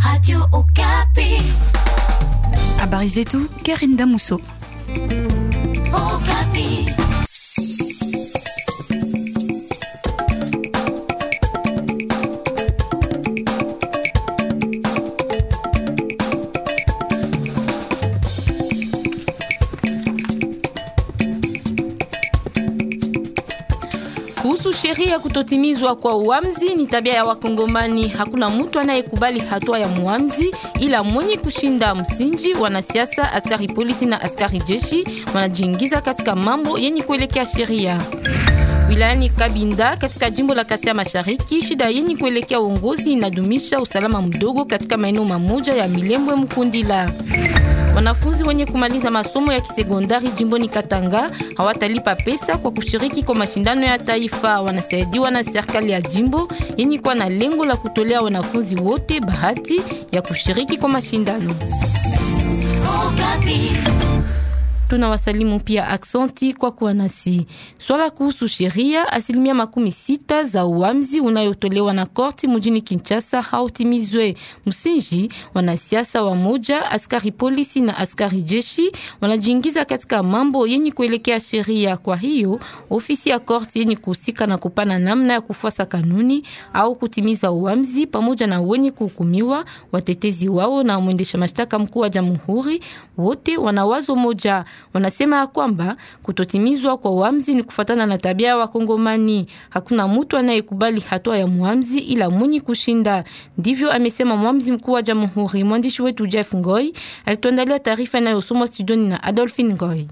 Radio Okapi. À Karine Karine kuhusu sheria kutotimizwa kwa uamzi ni tabia ya Wakongomani. Hakuna mtu anayekubali hatua ya muamuzi, ila mwenye kushinda msingi. Wanasiasa, askari polisi na askari jeshi wanajiingiza katika mambo yenye kuelekea sheria. Wilayani Kabinda katika jimbo la Kasai Mashariki, shida yenye kuelekea uongozi inadumisha usalama mdogo katika maeneo mamoja ya Milembwe Mkundila. Wanafunzi wenye kumaliza masomo ya kisekondari jimboni Katanga hawatalipa pesa kwa kushiriki kwa mashindano ya taifa. Wanasaidiwa na serikali ya jimbo yenye kuwa na lengo la kutolea wanafunzi wote bahati ya kushiriki kwa mashindano. Oh, Tunawasalimu pia aksanti kwa kuwa nasi. Swala kuhusu sheria, asilimia makumi sita za uamzi unayotolewa na korti mjini Kinshasa hautimizwe. Msingi, wanasiasa wa moja, askari polisi na askari jeshi wanajiingiza katika mambo yenye kuelekea sheria. Kwa hiyo ofisi ya korti yenye kuhusika na kupana namna ya kufuasa kanuni au kutimiza uamzi pamoja na wenye kuhukumiwa, watetezi wao na mwendesha mashtaka mkuu wa jamhuri, wote wana wazo moja wanasema ya kwamba kutotimizwa kwa uamzi ni kufatana na tabia ya Wakongomani. Hakuna mutu anayekubali hatua ya muamzi ila mwenye kushinda. Ndivyo amesema mwamzi mkuu wa jamhuri. Mwandishi wetu Jeff Ngoi alituandalia taarifa inayosomwa studioni na Adolfin Ngoi.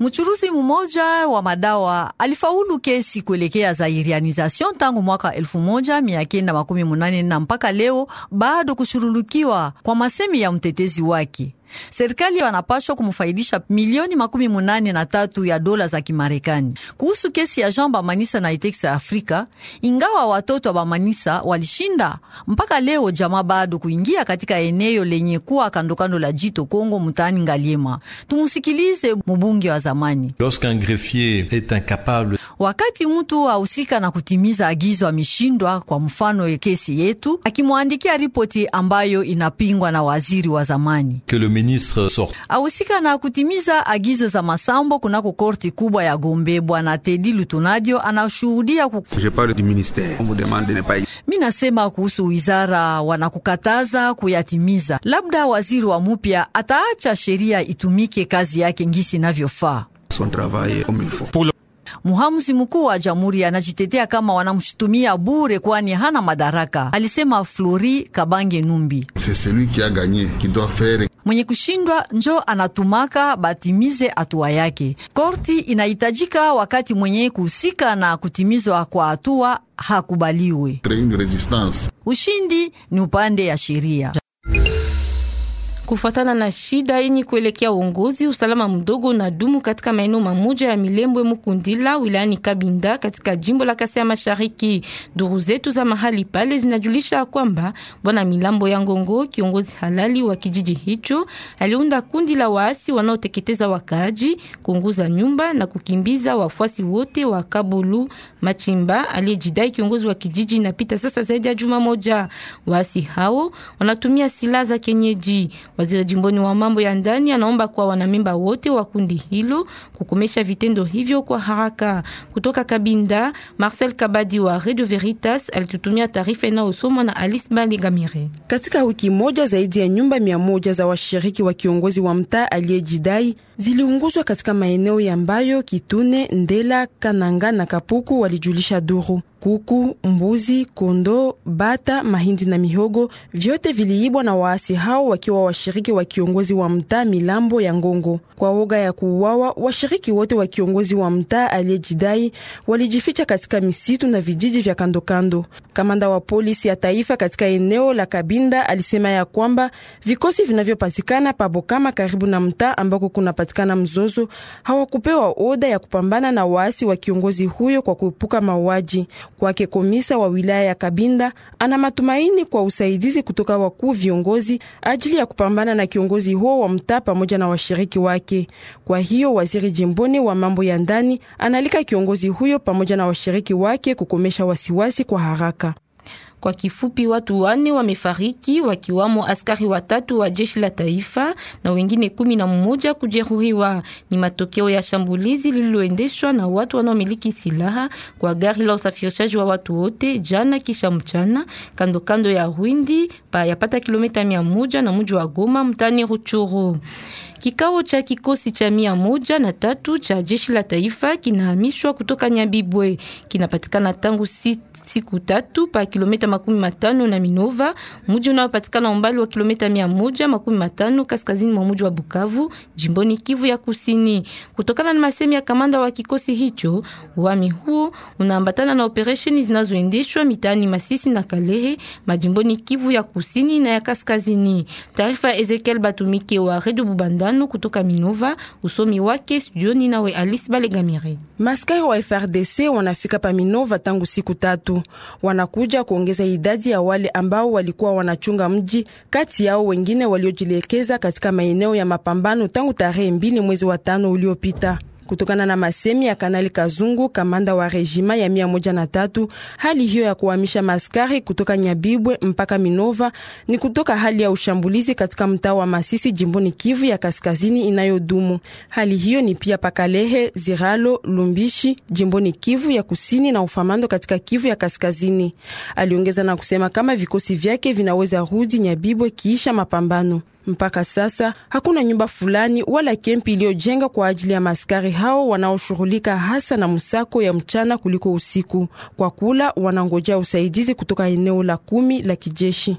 Mchuruzi mmoja wa madawa alifaulu kesi kuelekea zairianization tangu mwaka 1980 mpaka leo bado kushurulukiwa kwa masemi ya mtetezi wake. Serikali wanapashwa kumfaidisha milioni makumi munane na tatu ya dola za Kimarekani kuhusu kesi ya Jean Bamanisa na Itex Afrika. Ingawa watoto wa Bamanisa walishinda mpaka leo, jamaa bado kuingia katika eneo lenye kuwa kandokando la jito Kongo, mtaani Ngaliema. Tumusikilize mubungi wa zamani. Lorsqu'un greffier est incapable, wakati mtu ahusika na kutimiza agizo ameshindwa, kwa mfano kesi yetu, akimwandikia ripoti ambayo inapingwa na waziri wa zamani que le ministre sort ahusika na kutimiza agizo za masambo kunako korti kubwa ya Gombe. Bwana Tedi Lutunadio anashuhudia ku... nasema kuhusu wizara wanakukataza kuyatimiza, labda waziri wa mupya ataacha sheria itumike kazi yake ngisi inavyofaa muhamuzi mkuu wa jamhuri anajitetea kama wanamshutumia bure, kwani hana madaraka, alisema Flori Kabange Numbi. Mwenye kushindwa njo anatumaka batimize hatua yake. Korti inahitajika wakati mwenye kuhusika na kutimizwa kwa hatua hakubaliwe. Ushindi ni upande ya sheria kufuatana na shida yenye kuelekea uongozi, usalama mdogo na dumu katika maeneo mamoja ya Milembwe Mukundila wilayani Kabinda katika jimbo la Kasai Mashariki. Duru zetu za mahali pale zinajulisha kwamba bwana Milambo ya Ngongo, kiongozi halali wa kijiji hicho, aliunda kundi la waasi wanaoteketeza wakaaji, kuunguza nyumba na kukimbiza wafuasi wote wa Kabulu Machimba aliyejidai kiongozi wa kijiji. Inapita sasa zaidi ya juma moja, waasi hao wanatumia silaha za kienyeji. Waziri jimboni wa mambo ya ndani anaomba kwa wanamimba wote wa kundi hilo kukomesha vitendo hivyo kwa haraka. Kutoka Kabinda, Marcel Kabadi wa Radio Veritas alitutumia taarifa inayosomwa na Alice Baligamire. Katika wiki moja zaidi ya nyumba mia moja za washiriki wa kiongozi wa mtaa aliyejidai ziliunguzwa katika maeneo ya Mbayo, Kitune, Ndela, Kananga na Kapuku, walijulisha duru. Kuku, mbuzi, kondoo, bata, mahindi na mihogo vyote viliibwa na waasi hao wakiwa washiriki wa kiongozi wa mtaa Milambo ya Ngongo. Kwa woga ya kuuawa, washiriki wote wa kiongozi wa mtaa aliyejidai walijificha katika misitu na vijiji vya kandokando. Kamanda wa polisi ya taifa katika eneo la Kabinda alisema ya kwamba vikosi vinavyopatikana Pabokama karibu na mtaa ambako kunapatikana kunapopatikana mzozo hawakupewa oda ya kupambana na waasi wa kiongozi huyo kwa kuepuka mauaji. Kwake komisa wa wilaya ya Kabinda ana matumaini kwa usaidizi kutoka wakuu viongozi ajili ya kupambana na kiongozi huo wa mtaa pamoja na washiriki wake. Kwa hiyo waziri jimboni wa mambo ya ndani analika kiongozi huyo pamoja na washiriki wake kukomesha wasiwasi kwa haraka. Kwa kifupi, watu wanne wamefariki wakiwamo askari watatu wa jeshi la taifa na wengine kumi na mmoja kujeruhiwa. Ni matokeo ya shambulizi lililoendeshwa na watu wanaomiliki silaha kwa gari la usafirishaji wa watu wote jana kisha mchana kando kando ya Rwindi pa yapata kilomita mia moja na mji wa Goma mtani Ruchuru. Kikao cha kikosi cha mia moja na tatu cha jeshi la taifa kinahamishwa kutoka Nyabibwe kinapatikana tangu siku tatu pa kilomita makumi matano na Minova, mji unaopatikana umbali wa kilomita mia moja makumi matano kaskazini mwa mji wa Bukavu, jimboni Kivu ya Kusini. Kutokana na masemi ya kamanda wa kikosi hicho, uami huo unaambatana na operesheni zinazoendeshwa mitaani Masisi na Kalehe, majimboni Kivu ya Kusini na ya Kaskazini. Taarifa ya Ezekiel Batumike wa Redio Bubanda. Manu kutoka Minova. Usomi wake studioni nawe Alice Balegamire. Maskari wa FRDC wanafika pa Minova tangu siku tatu, wanakuja kuongeza idadi ya wale ambao walikuwa wanachunga mji, kati yao wengine waliojielekeza katika maeneo ya mapambano tangu tarehe mbili mwezi wa tano uliopita kutokana na masemi ya Kanali Kazungu, kamanda wa rejima ya mia moja na tatu. Hali hiyo ya kuhamisha maskari kutoka Nyabibwe mpaka Minova ni kutoka hali ya ushambulizi katika mtaa wa Masisi jimboni Kivu ya kaskazini inayodumu. Hali hiyo ni pia Pakalehe, Ziralo, Lumbishi jimboni Kivu ya kusini na Ufamando katika Kivu ya kaskazini. Aliongeza na kusema kama vikosi vyake vinaweza rudi Nyabibwe kiisha mapambano. Mpaka sasa hakuna nyumba fulani wala kempi iliyojenga kwa ajili ya maskari hao wanaoshughulika hasa na msako ya mchana kuliko usiku. Kwa kula wanangojea usaidizi kutoka eneo la kumi la kijeshi.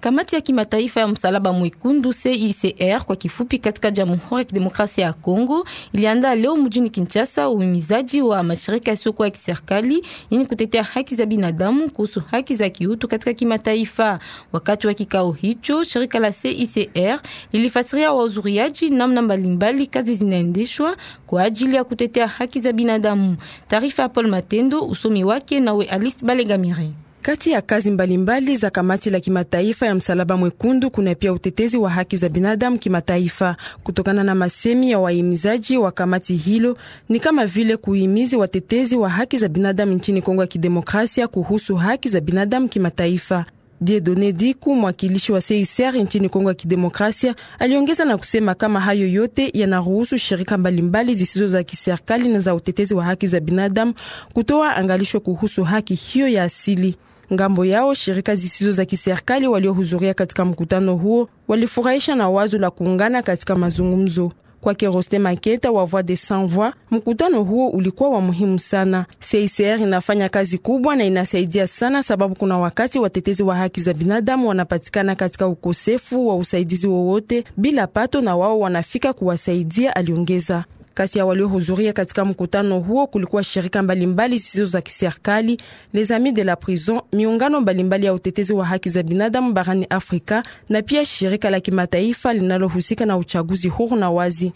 Kamati ya kimataifa ya msalaba mwekundu CICR kwa kifupi, katika Jamhuri ya Kidemokrasia ya Kongo iliandaa leo mjini Kinshasa uhimizaji wa mashirika yasiyokuwa ya kiserikali yenye kutetea haki za binadamu kuhusu haki za kiutu katika kimataifa. Wakati wa kikao hicho, shirika la CICR UNHCR lilifuatilia wahudhuriaji namna mbalimbali kazi zinaendeshwa kwa ajili ya kutetea haki za binadamu. Taarifa ya Paul Matendo, usomi wake nawe Alice Balegamire. Kati ya kazi mbalimbali mbali za kamati la kimataifa ya msalaba mwekundu kuna pia utetezi wa haki za binadamu kimataifa. Kutokana na masemi ya wahimizaji wa kamati hilo, ni kama vile kuhimizi watetezi wa haki za binadamu nchini Kongo ya Kidemokrasia kuhusu haki za binadamu kimataifa. Dieudonne Diku, mwakilishi wa CICR nchini Kongo ya Kidemokrasia, aliongeza na kusema kama hayo yote yanaruhusu shirika mbalimbali zisizo za kiserikali na za utetezi wa haki za binadamu kutoa angalisho kuhusu haki hiyo ya asili. Ngambo yao shirika zisizo za kiserikali waliohudhuria katika mkutano huo walifurahisha na wazo la kuungana katika mazungumzo. Kwake Roste Maketa wa Voix des Sans Voix, mkutano huo ulikuwa wa muhimu sana. CICR inafanya kazi kubwa na inasaidia sana, sababu kuna wakati watetezi wa haki za binadamu wanapatikana katika ukosefu wa usaidizi wowote bila pato, na wao wanafika kuwasaidia, aliongeza. Kati ya waliohudhuria katika mkutano huo kulikuwa shirika mbalimbali zisizo za kiserikali, Les Amis de la Prison, miungano mbalimbali ya utetezi wa haki za binadamu barani Afrika na pia shirika la kimataifa linalohusika na uchaguzi huru na wazi.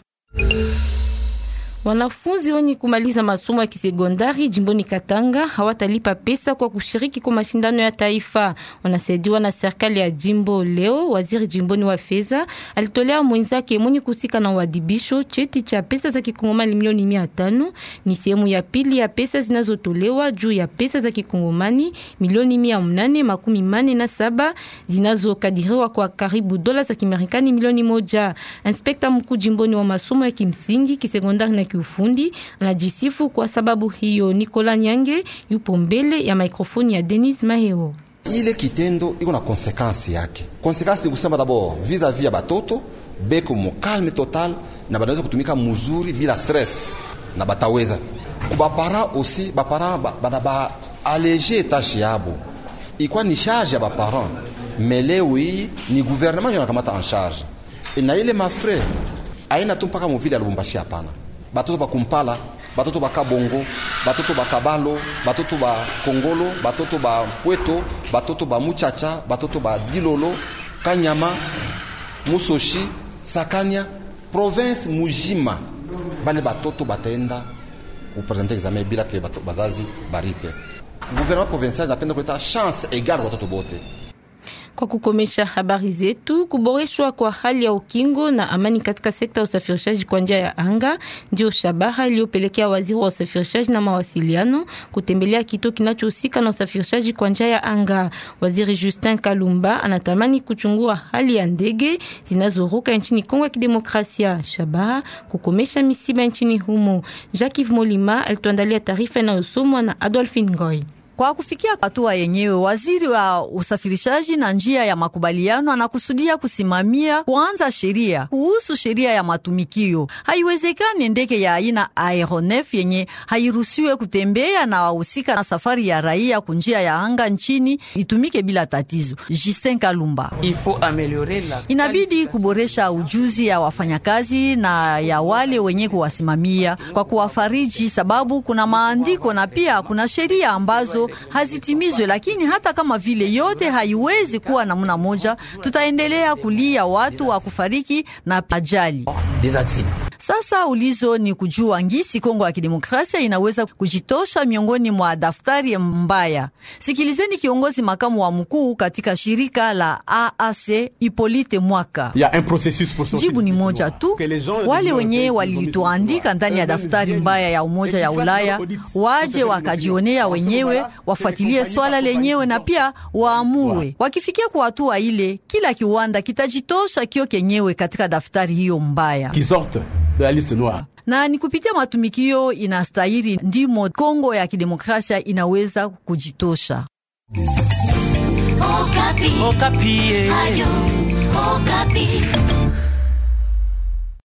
Wanafunzi wenye kumaliza masomo ya kisekondari jimboni Katanga hawatalipa pesa kwa kushiriki kwa mashindano ya taifa, wanasaidiwa na serikali ya jimbo. Leo waziri jimboni wa fedha alitolea mwenzake mwenye kusika na uadibisho cheti cha pesa za kikongomani milioni mia tano. Ni sehemu ya pili ya pesa zinazotolewa juu ya pesa za kikongomani milioni mia mnane makumi mane na saba zinazokadiriwa kwa karibu dola za kimarekani milioni moja. Inspekta mkuu jimboni wa masomo ya kimsingi kisekondari na kiufundi anajisifu. Kwa sababu hiyo, Nicola Nyange yupo mbele ya maikrofoni ya Denis Maheo. Ile kitendo iko na konsekansi yake. Konsekansi ni kusema dabord vis-a-vis ya batoto beko mukalme total, na banaweza kutumika muzuri bila stress, na bataweza kubapara osi bapara bana ba alege tashi yabo ikwa ni charge ya baparent meleo iyi ni gouvernement yo nakamata en charge na ile mafre aina tu mpaka muvili ya Lubumbashi hapana. batoto bakumpala batoto bakabongo batoto bakabalo batoto bakongolo batoto bampweto batoto bamuchacha batoto badilolo kanyama musoshi sakania province mujima bale batoto bataenda kupresente examen bila ke bazazi baripe gouvernement provincial inapenda kuleta chance egale watoto bote Kwa kukomesha habari zetu, kuboreshwa kwa hali ya ukingo na amani katika sekta ya usafirishaji kwa njia ya anga ndio shabaha iliyopelekea waziri wa usafirishaji na mawasiliano kutembelea kituo kinachohusika na usafirishaji kwa njia ya anga. Waziri Justin Kalumba anatamani kuchungua hali ya ndege zinazoruka nchini Kongo ya Kidemokrasia, shabaha kukomesha misiba nchini humo. Jacques Molima alituandalia taarifa inayosomwa na Adolphine Ngoy. Kwa kufikia hatua yenyewe, waziri wa usafirishaji na njia ya makubaliano anakusudia kusimamia kuanza sheria kuhusu sheria ya matumikio. Haiwezekani ndege ya aina aeronef yenye hairuhusiwe kutembea na wahusika na safari ya raia kunjia ya anga nchini itumike bila tatizo. Justin Kalumba: inabidi kuboresha ujuzi ya wafanyakazi na ya wale wenye kuwasimamia kwa kuwafariji, sababu kuna maandiko na pia kuna sheria ambazo hazitimizwe. Lakini hata kama vile yote haiwezi kuwa namna moja, tutaendelea kulia watu wa kufariki na ajali. Sasa ulizo ni kujua ngisi Kongo ya Kidemokrasia inaweza kujitosha miongoni mwa daftari mbaya. Sikilizeni kiongozi makamu wa mkuu katika shirika la AAC Ipolite Mwaka. Jibu ni moja tu, wale wenyewe walituandika ndani ya euh, daftari mbaya ya Umoja ya Ulaya waje wakajionea wenyewe, wafuatilie swala lenyewe na pia waamue. Wakifikia kwa hatua ile, kila kiwanda kitajitosha kio kenyewe katika daftari hiyo mbaya de la liste noire na ni kupitia matumikio inastahili ndimo Kongo ya kidemokrasia inaweza kujitosha. Okapi. Okapi, eh. Okapi.